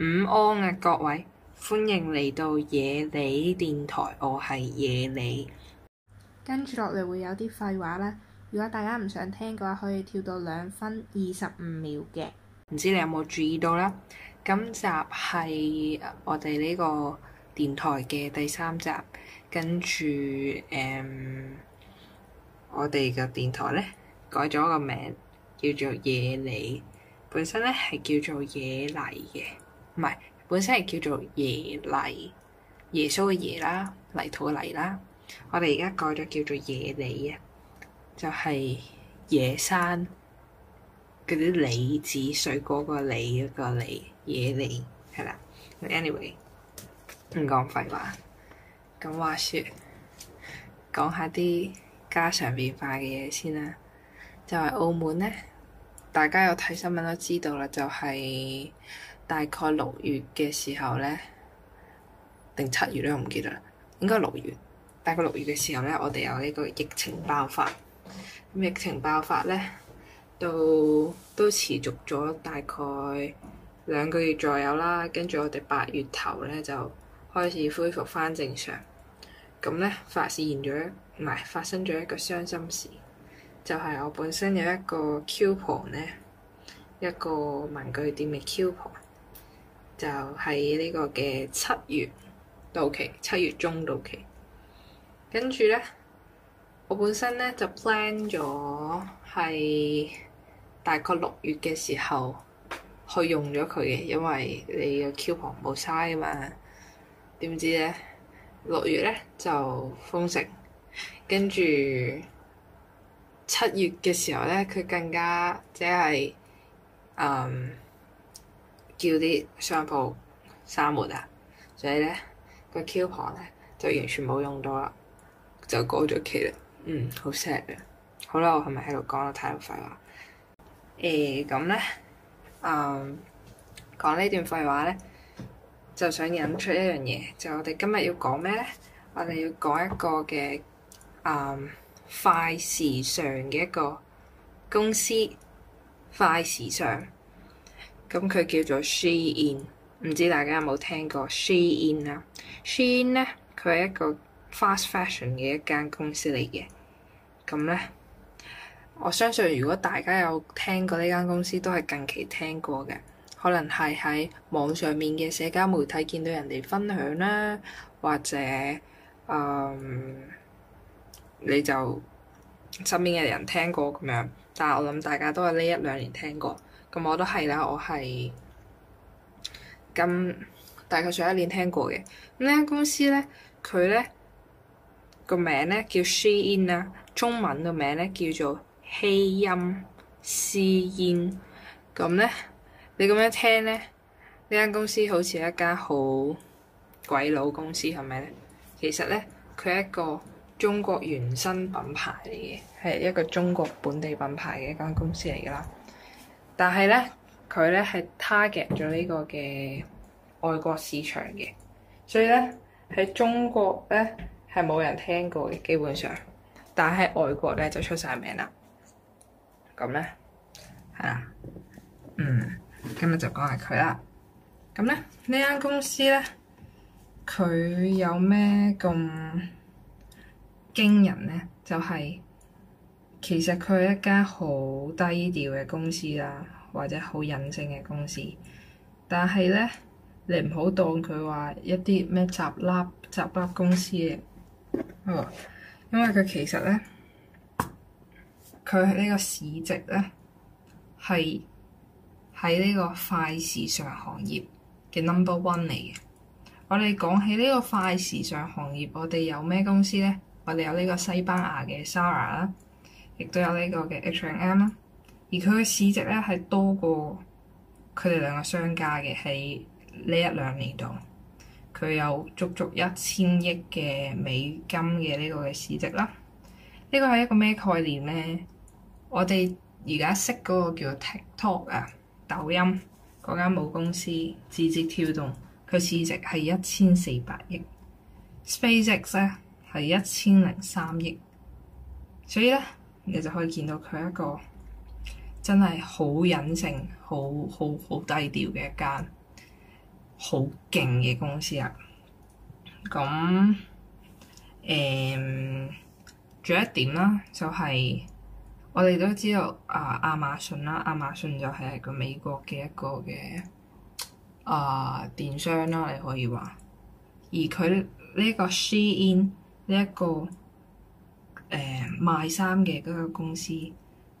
午安啊，各位，歡迎嚟到野禮電台，我係野禮。跟住落嚟會有啲廢話啦。如果大家唔想聽嘅話，可以跳到兩分二十五秒嘅。唔知你有冇注意到啦？今集係我哋呢個電台嘅第三集。跟住誒、嗯，我哋嘅電台呢，改咗個名，叫做野禮，本身呢係叫做野禮嘅。唔係，本身係叫做耶泥，耶穌嘅耶啦，泥土嘅泥啦。我哋而家改咗叫做野梨啊，就係、是、野山嗰啲李子水果的的個李嗰個梨野梨，係啦。Anyway，唔講廢話，咁話説講一下啲家常變化嘅嘢先啦。就係、是、澳門咧，大家有睇新聞都知道啦，就係、是。大概六月嘅時候呢，定七月咧，我唔記得啦。應該六月，大概六月嘅時候呢，我哋有呢個疫情爆發。疫情爆發呢，到都持續咗大概兩個月左右啦。跟住我哋八月頭呢，就開始恢復翻正常。咁呢，發現咗，唔係發生咗一個傷心事，就係、是、我本身有一個 coupon 呢，一個文具店嘅 coupon。就喺呢個嘅七月到期，七月中到期。跟住咧，我本身咧就 plan 咗係大概六月嘅時候去用咗佢嘅，因為你嘅 Q 旁冇曬啊嘛。點知咧，六月咧就封城，跟住七月嘅時候咧，佢更加即、就、係、是嗯叫啲商鋪閂門啊，所以咧個 coupon 咧就完全冇用到啦，就過咗期啦。嗯，好 sad 啊。好啦，我係咪喺度講太多廢話？誒咁咧，嗯，講呢段廢話咧，就想引出一樣嘢，就我哋今日要講咩咧？我哋要講一個嘅嗯快時尚嘅一個公司，快時尚。咁佢叫做 Shein，唔知大家有冇聽過 Shein 啊？Shein 呢，佢係一個 fast fashion 嘅一間公司嚟嘅。咁呢，我相信如果大家有聽過呢間公司，都係近期聽過嘅，可能係喺網上面嘅社交媒體見到人哋分享啦，或者誒、嗯，你就身邊嘅人聽過咁樣。但係我諗大家都係呢一兩年聽過。咁我都係啦，我係咁大概上一年聽過嘅。呢間公司咧，佢咧個名咧叫 SHEIN 啦，中文嘅名咧叫做希音、詩嫣。希音咁咧，你咁樣聽咧，呢間公司好似一間好鬼佬公司，係咪咧？其實咧，佢係一個中國原生品牌嚟嘅，係一個中國本地品牌嘅一間公司嚟啦。但係咧，佢咧係 target 咗呢個嘅外國市場嘅，所以咧，喺中國咧係冇人聽過嘅基本上，但係喺外國咧就出晒名啦。咁咧係啦，嗯，今日就講下佢啦。咁咧呢間公司咧，佢有咩咁驚人咧？就係、是。其實佢係一間好低調嘅公司啦，或者好隱性嘅公司。但係咧，你唔好當佢話一啲咩雜立雜立公司嘅哦。因為佢其實咧，佢喺呢個市值咧係喺呢個快時尚行業嘅 number one 嚟嘅。我哋講起呢個快時尚行業，我哋有咩公司咧？我哋有呢個西班牙嘅 Zara 啦。亦都有呢個嘅 H&M 啦，而佢嘅市值咧係多過佢哋兩個商家嘅，喺呢一兩年度，佢有足足一千億嘅美金嘅呢個嘅市值啦。呢個係一個咩概念咧？我哋而家識嗰個叫 TikTok 啊，抖音嗰間母公司字節跳動，佢市值係一千四百億，SpaceX 咧係一千零三億，所以咧。你就可以見到佢一個真係好隱性、好好好低調嘅一間好勁嘅公司啊！咁誒，仲、嗯、有一點啦，就係、是、我哋都知道啊，亞馬遜啦，亞馬遜就係個美國嘅一個嘅啊電商啦，你可以話，而佢呢一個 SHEIN 呢、這、一個。誒賣衫嘅嗰個公司，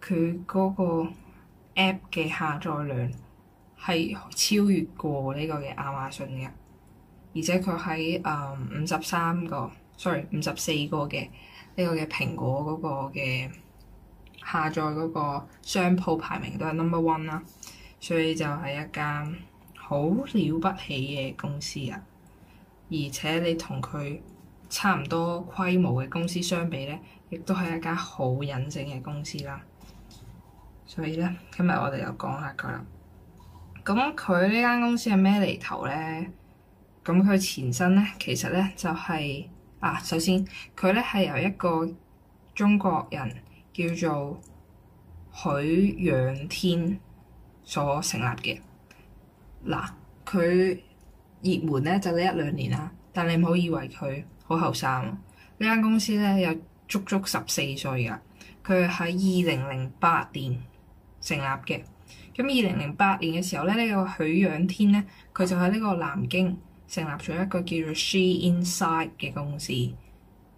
佢嗰個 App 嘅下載量係超越過呢個嘅亞馬遜嘅，而且佢喺誒五十三個，sorry 五十四個嘅呢個嘅蘋果嗰個嘅下載嗰個商鋪排名都係 number one 啦，所以就係一間好了不起嘅公司啊！而且你同佢差唔多規模嘅公司相比咧。亦都係一間好隱性嘅公司啦，所以咧今日我哋又講下佢啦。咁佢呢間公司係咩嚟頭咧？咁佢前身咧，其實咧就係、是、啊，首先佢咧係由一個中國人叫做許仰天所成立嘅嗱。佢熱門咧就呢一兩年啦，但你唔好以為佢好後生，呢間公司咧又～有足足十四歲㗎！佢係喺二零零八年成立嘅。咁二零零八年嘅時候咧，呢、這個許仰天咧，佢就喺呢個南京成立咗一個叫做 She Inside 嘅公司。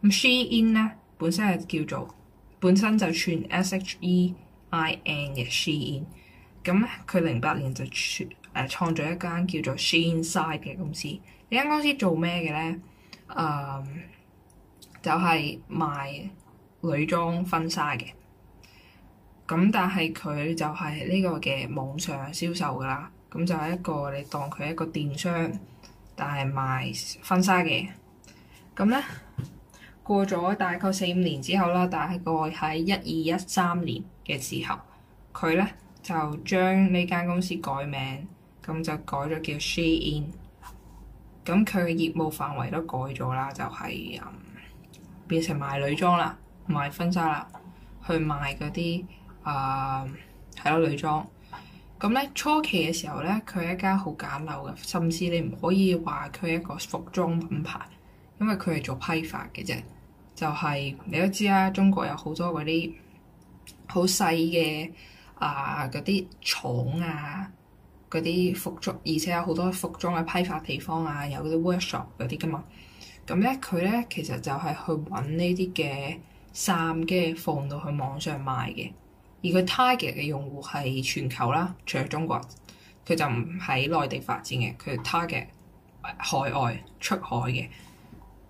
咁 She In 咧，本身係叫做，本身就串 S H E I N 嘅 She In。咁佢零八年就誒創咗、呃、一間叫做 She Inside 嘅公司。呢間公司做咩嘅咧？誒、um。就係賣女裝婚紗嘅，咁但係佢就係呢個嘅網上銷售噶啦。咁就係一個你當佢一個電商，但係賣婚紗嘅。咁咧過咗大概四五年之後啦，大概喺一二一三年嘅時候，佢咧就將呢間公司改名，咁就改咗叫 SHEIN。咁佢嘅業務範圍都改咗啦，就係、是嗯變成賣女裝啦，賣婚紗啦，去賣嗰啲啊，係、呃、咯女裝。咁、嗯、咧初期嘅時候咧，佢係一家好簡陋嘅，甚至你唔可以話佢係一個服裝品牌，因為佢係做批發嘅啫。就係、是、你都知啦、啊，中國有好多嗰啲好細嘅啊嗰啲廠啊，嗰啲服裝，而且有好多服裝嘅批發地方啊，有嗰啲 workshop 嗰啲噶嘛。咁咧，佢咧、嗯、其實就係去揾呢啲嘅衫，跟住放到去網上賣嘅。而佢 target 嘅用戶係全球啦，除咗中國，佢就唔喺內地發展嘅。佢 target 海外出海嘅，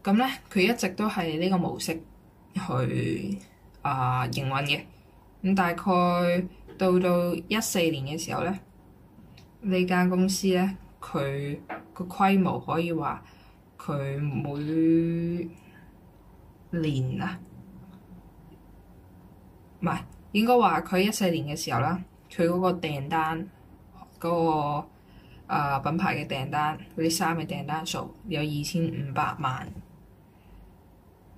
咁咧佢一直都係呢個模式去啊、呃、營運嘅。咁、嗯、大概到到一四年嘅時候咧，呢間公司咧佢個規模可以話。佢每年啊，唔係應該話佢一四年嘅時候啦，佢嗰個訂單嗰、嗰個啊、呃、品牌嘅訂單嗰啲衫嘅訂單數有二千五百萬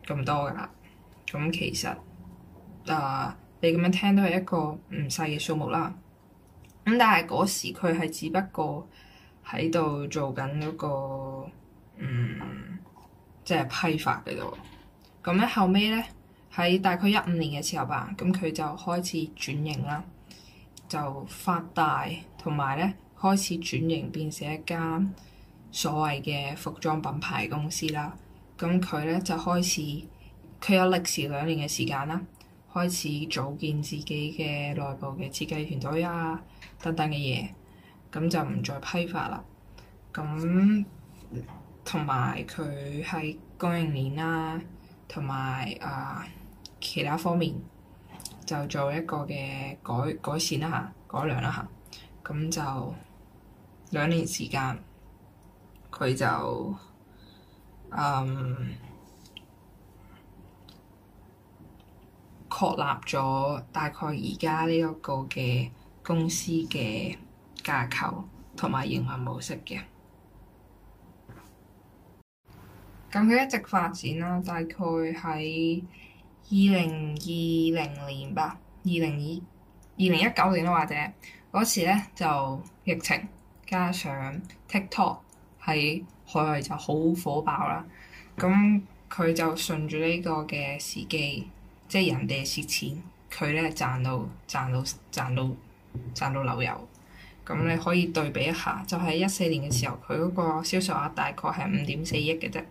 咁多㗎啦。咁、嗯、其實啊、呃，你咁樣聽都係一個唔細嘅數目啦。咁、嗯、但係嗰時佢係只不過喺度做緊嗰、嗰個。嗯，即係批發嘅啫。咁咧後尾咧喺大概一五年嘅時候吧、啊，咁佢就開始轉型啦，就發大同埋咧開始轉型變成一間所謂嘅服裝品牌公司啦。咁佢咧就開始佢，有歷時兩年嘅時間啦，開始組建自己嘅內部嘅設計團隊啊，等等嘅嘢，咁就唔再批發啦。咁同埋佢喺供應鏈啦，同埋啊其他方面就做一個嘅改改善啦嚇，改良啦嚇，咁就兩年時間，佢就嗯、呃、確立咗大概而家呢一個嘅公司嘅架構同埋營運模式嘅。咁佢一直發展啦，大概喺二零二零年吧，二零二二零一九年啊，或者嗰次咧就疫情加上 TikTok 喺海外就好火爆啦。咁佢就順住呢個嘅時機，即係人哋蝕錢，佢咧賺到賺到賺到賺到流油。咁你可以對比一下，就係一四年嘅時候，佢嗰個銷售額大概係五點四億嘅啫。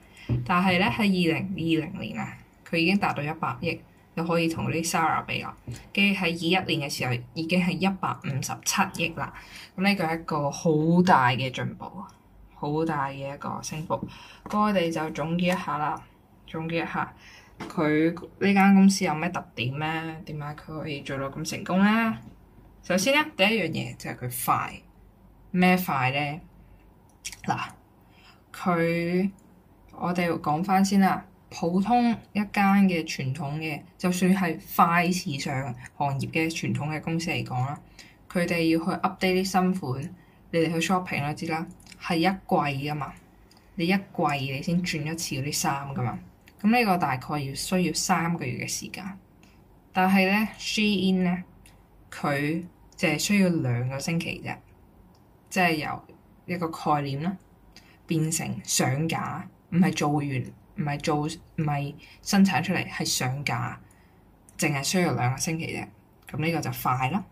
但係咧喺二零二零年啊，佢已經達到一百億，你可以同啲 Zara 比啦。跟住喺二一年嘅時候，已經係一百五十七億啦。咁呢個係一個好大嘅進步，好大嘅一個升幅。咁、那個、我哋就總結一下啦，總結一下佢呢間公司有咩特點咧？點解佢可以做到咁成功咧？首先咧，第一樣嘢就係佢快，咩快咧？嗱，佢。我哋講翻先啦，普通一間嘅傳統嘅，就算係快時尚行業嘅傳統嘅公司嚟講啦，佢哋要去 update 啲新款，你哋去 shopping 啦，知啦，係一季㗎嘛，你一季你先轉一次嗰啲衫噶嘛，咁呢個大概要需要三個月嘅時間，但係咧，SHEIN 咧，佢淨係需要兩個星期啫，即係由一個概念啦變成上架。唔係做完，唔係做，唔係生產出嚟，係上架，淨係需要兩個星期啫。咁呢個就快啦。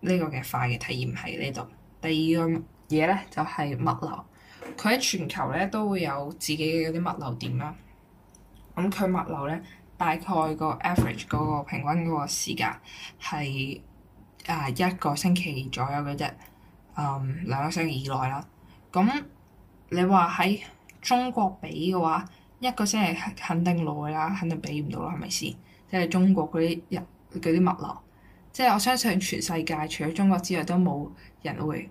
呢個嘅快嘅體驗喺呢度。第二樣嘢咧就係物流，佢喺全球咧都會有自己嘅嗰啲物流店啦。咁佢物流咧大概個 average 嗰個平均嗰個時間係啊一個星期左右嘅啫，嗯兩個星期以內啦。咁你話喺？中國俾嘅話，一個星期肯定耐啦，肯定俾唔到啦，係咪先？即係中國嗰啲人啲物流，即係我相信全世界除咗中國之外，都冇人會，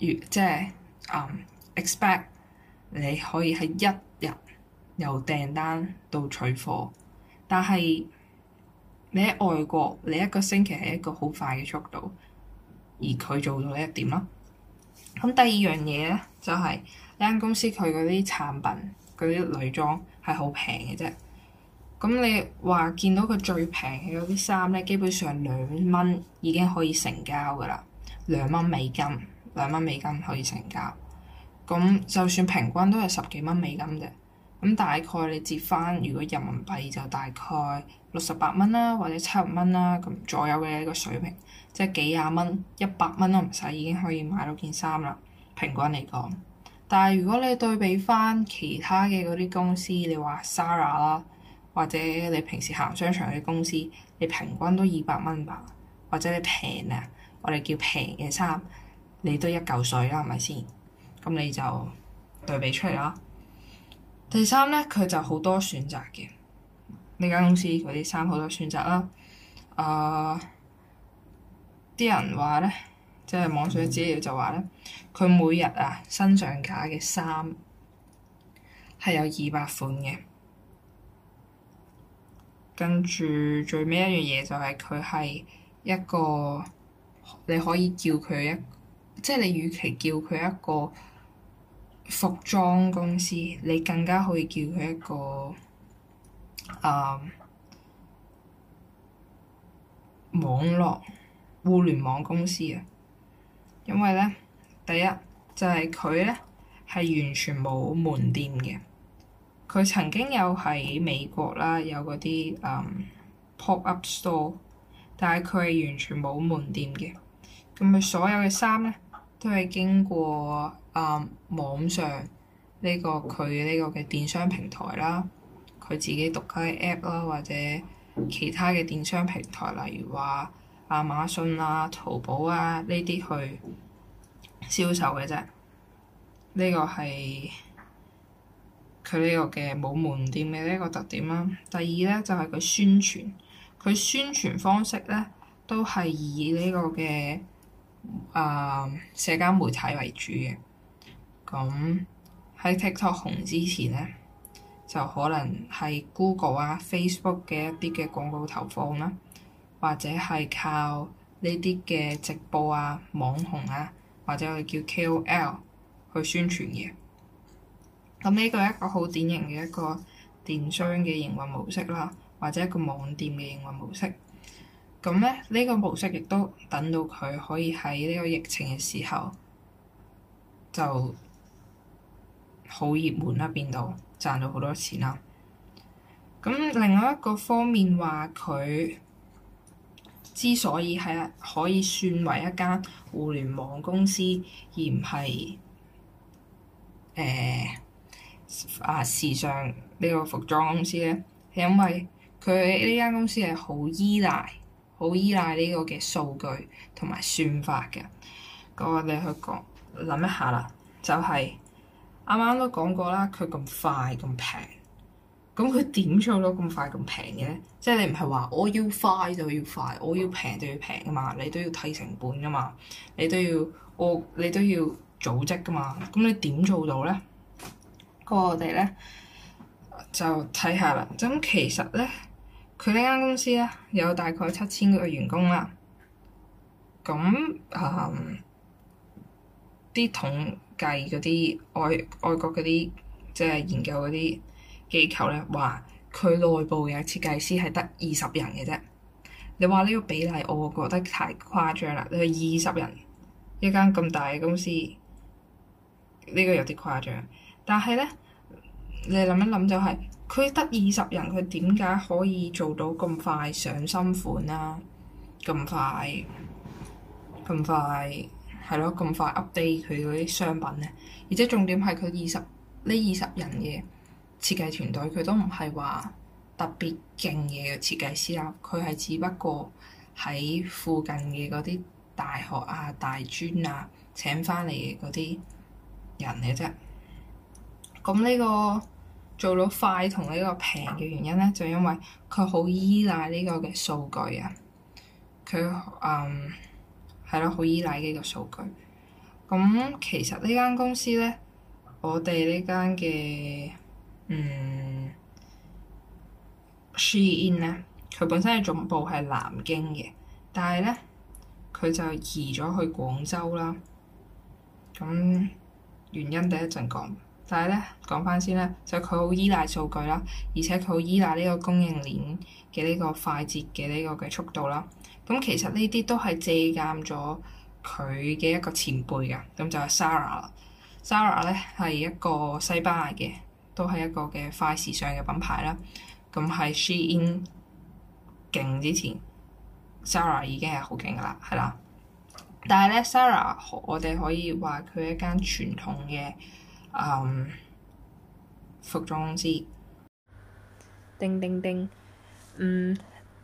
即係誒、um, expect 你可以係一日由訂單到取貨，但係你喺外國，你一個星期係一個好快嘅速度，而佢做到呢一點咯。咁第二樣嘢咧就係、是。間公司佢嗰啲產品，嗰啲女裝係好平嘅啫。咁你話見到佢最平嘅嗰啲衫咧，基本上兩蚊已經可以成交㗎啦。兩蚊美金，兩蚊美金可以成交。咁就算平均都係十幾蚊美金啫。咁大概你折翻，如果人民幣就大概六十八蚊啦，或者七十蚊啦咁左右嘅一個水平，即係幾廿蚊、一百蚊都唔使已經可以買到件衫啦。平均嚟講。但係如果你對比翻其他嘅嗰啲公司，你話 Zara 啦，或者你平時行商場嘅公司，你平均都二百蚊吧，或者你平啊，我哋叫平嘅衫，你都一嚿水啦，係咪先？咁你就對比出嚟啦。第三咧，佢就好多選擇嘅呢間公司，佢啲衫好多選擇啦。啊、呃，啲人話咧。即係網上資料就話咧，佢每日啊新上架嘅衫係有二百款嘅。跟住最尾一樣嘢就係佢係一個你可以叫佢一，即係你與其叫佢一個服裝公司，你更加可以叫佢一個啊、um, 網絡互聯網公司啊！因為咧，第一就係佢咧係完全冇門店嘅。佢曾經有喺美國啦，有嗰啲誒、嗯、pop-up store，但係佢係完全冇門店嘅。咁、嗯、佢所有嘅衫咧都係經過誒、嗯、網上呢、呢個佢呢個嘅電商平台啦，佢自己獨家嘅 app 啦，或者其他嘅電商平台，例如話，亞馬遜啊、淘寶啊呢啲去銷售嘅啫，呢個係佢呢個嘅冇門店嘅呢個特點啦、啊。第二咧就係、是、佢宣傳，佢宣傳方式咧都係以呢個嘅啊、呃、社交媒體為主嘅。咁喺 TikTok 紅之前咧，就可能係 Google 啊、Facebook 嘅一啲嘅廣告投放啦。或者係靠呢啲嘅直播啊、網紅啊，或者我哋叫 KOL 去宣傳嘅。咁呢個係一個好典型嘅一個電商嘅營運模式啦，或者一個網店嘅營運模式。咁咧，呢個模式亦都等到佢可以喺呢個疫情嘅時候就好熱門啦，變到賺到好多錢啦。咁另外一個方面話佢。之所以係可以算為一間互聯網公司而唔係誒啊時尚呢個服裝公司咧，係因為佢呢間公司係好依賴好依賴呢個嘅數據同埋算法嘅。咁我哋去講諗一下啦，就係啱啱都講過啦，佢咁快咁平。咁佢點做到咁快咁平嘅咧？即係你唔係話我要快就要快，我要平就要平㗎嘛？你都要睇成本㗎嘛？你都要我你都要組織㗎嘛？咁你點做到咧？個我哋咧就睇下啦。咁其實咧，佢呢間公司咧有大概七千個員工啦。咁啊，啲、嗯、統計嗰啲外外國嗰啲即係研究嗰啲。機構咧話佢內部嘅設計師係得二十人嘅啫。你話呢個比例，我，我覺得太誇張啦。你二十人一間咁大嘅公司，呢個有啲誇張。但係咧，你諗一諗就係佢得二十人，佢點解可以做到咁快上新款啊？咁快咁快係咯，咁快 update 佢嗰啲商品咧。而且重點係佢二十呢二十人嘅。設計團隊，佢都唔係話特別勁嘅設計師啊，佢係只不過喺附近嘅嗰啲大學啊、大專啊請翻嚟嘅嗰啲人嚟啫。咁呢個做到快同呢個平嘅原因咧，就因為佢好依賴呢個嘅數據啊。佢誒係咯，好、嗯、依賴呢個數據。咁其實呢間公司咧，我哋呢間嘅。嗯，Shein 咧，佢本身嘅總部係南京嘅，但係咧佢就移咗去廣州啦。咁原因第一陣講，但係咧講返先啦，就佢好依賴數據啦，而且佢好依賴呢個供應鏈嘅呢個快捷嘅呢個嘅速度啦。咁其實呢啲都係借鑑咗佢嘅一個前輩㗎。咁就係 Zara，Zara 咧係一個西班牙嘅。都係一個嘅快時尚嘅品牌啦。咁喺 SHEIN 勁之前 ，Zara 已經係好勁噶啦，係啦。但係咧，Zara 我哋可以話佢係一間傳統嘅嗯服裝公司。叮叮叮，嗯，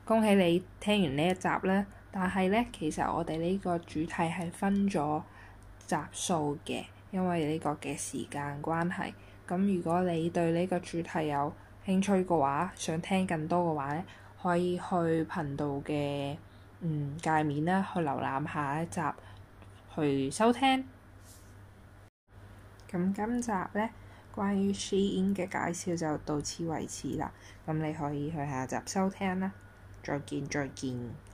恭喜你聽完呢一集啦！但係咧，其實我哋呢個主題係分咗集數嘅，因為呢個嘅時間關係。咁如果你對呢個主題有興趣嘅話，想聽更多嘅話呢，可以去頻道嘅嗯界面啦，去瀏覽下一集去收聽。咁今集呢，關於 SHEIN 嘅介紹就到此為止啦。咁你可以去下集收聽啦。再見，再見。